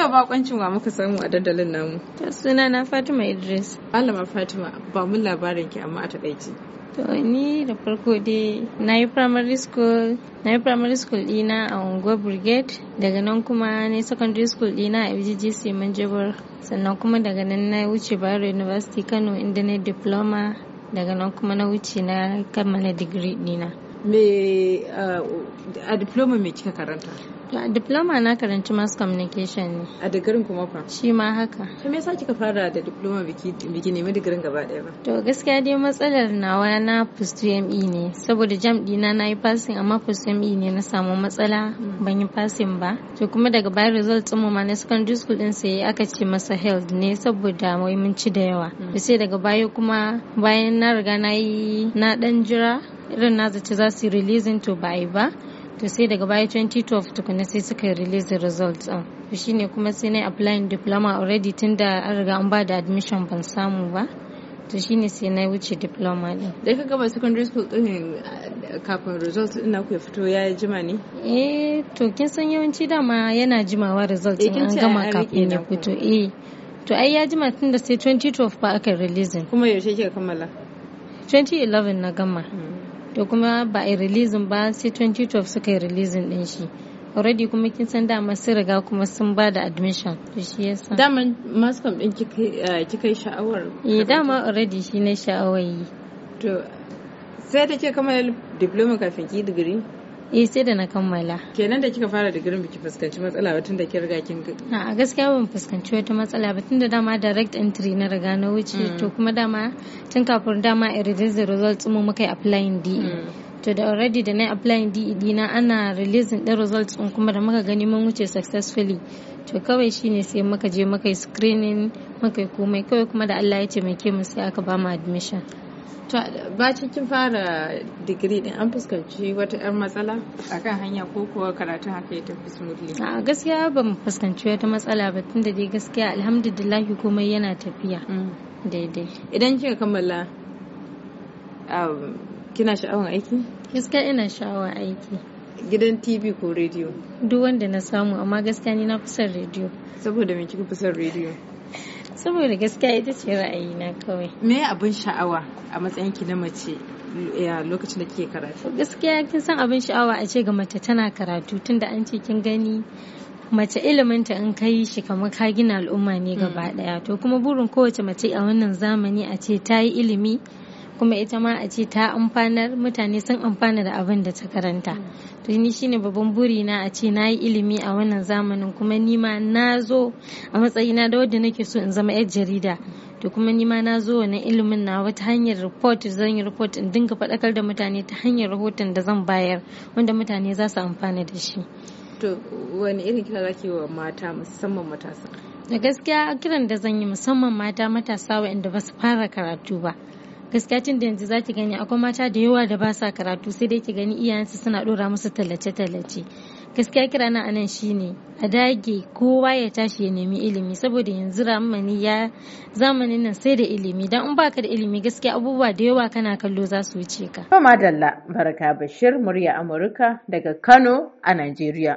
Yau bakoncin wa muka samu a dandalin namu. Suna na Fatima Idris. Malama Fatima ba mun labarin ki amma a takaici. To ni da farko dai na yi primary school na yi primary school dina a Ungwa Brigade daga nan kuma na yi secondary school dina a UGGC Manjabar sannan kuma daga nan na wuce Bayero University Kano inda na diploma daga nan kuma na wuce na kammala digiri dina. Me uh, a diploma me kika karanta? To a diploma na karanci mass communication ne. A digirin kuma fa? Shi ma haka. To me yasa kika fara da diploma biki ne mai digirin gaba daya ba? To gaskiya dai matsalar nawa na post ME ne saboda jam dina na yi passing amma post ME ne na samu matsala hmm. ban yi passing ba. To kuma daga bayan result din mu ma na secondary school din sai aka ce masa health ne saboda muhimmanci da yawa. Hmm. sai daga baya kuma bayan na riga na yi na dan jira irin na zace za su yi releasing to ba ba to sai daga baya 2012 tukuna sai suka release results a ah, to shine kuma sai na applying diploma already tunda an riga an ba da admission ban samu ba to shine sai na wuce diploma din da ka gaba secondary school din eh, kafin results din ku fito ya yi jima ne eh to kin san yawanci dama yana jimawa results eh, an gama kafin ya fito eh to ai ya jima tunda sai 2012 ba aka release kuma yaushe kika kammala 2011 na gama hmm. to kuma ba a releasing ba sai 2012 suka yi releasing din shi already kuma kin san dama sun riga kuma sun ba da admission to shi yasa dama mascom din eh, kika yi sha'awar eh dama already shi ne sha'awar yi to sai take kamar diploma kafin ki digiri eh sai da na kammala kenan da kika fara digirin biki fuskanci matsala ba tunda kin riga kin a gaskiya ban fuskanci wata matsala ba tunda dama direct entry na riga na wuce hmm. to kuma dama tun kafin dama a release the results mu muka applying DE hmm. to da already da na applying DE dina ana releasing the results din kuma da muka gani mun wuce successfully to kawai shine sai muka je muka yi screening muka komai kawai kuma da Allah ya ce mai ke mu sai aka ba mu admission bacin kin fara digiri din an fuskanci wata 'yar matsala a kan hanya ko kuwa karatun haka ya tafi smoothly a gaskiya ban fuskanci wata matsala ba tunda dai gaskiya alhamdulillah komai yana tafiya mm. daidai idan kika kammala um, kina sha'awar aiki gaskiya ina sha'awar aiki gidan tv ko rediyo duk wanda na samu amma gaskiya ni na fi son rediyo saboda me kika fi son rediyo saboda gaskiya ita ce ra'ayina kawai me abin sha'awa a matsayin na mace eh, lokacin da kike karatu gaskiya kin san abin sha'awa a ce ga mace tana karatu tunda an ce kin gani mace ilimin ta in kai shi kamar ka gina al'umma ne gaba daya mm. to kuma burin kowace mace a wannan zamani a ce ta yi ilimi kuma ita ma a ce ta amfanar mutane sun amfana da abin da ta karanta to ni shine babban buri na a ce na yi ilimi a wannan zamanin kuma ni ma na zo a matsayina da wadda nake so in zama yar jarida to kuma ni ma na zo wani ilimin na wata hanyar report zan yi report in dinga faɗakar da mutane ta hanyar rahoton da zan bayar wanda mutane za su amfana da shi to wani irin kira zaki wa mata musamman matasa da gaskiya kiran da zan yi musamman mata matasa waɗanda ba su fara karatu ba gaskiya tun da yanzu zaki gani akwai mata da yawa da ba sa karatu sai dai ki gani iyayensu suna dora musu tallace-tallace gaskiya kira na anan shine a dage kowa ya tashi ya nemi ilimi saboda yanzu ramani ya zamanin nan sai da ilimi dan in baka da ilimi gaskiya abubuwa da yawa kana kallo za su wuce ka. Madalla Baraka Bashir murya Amurka daga Kano a Najeriya.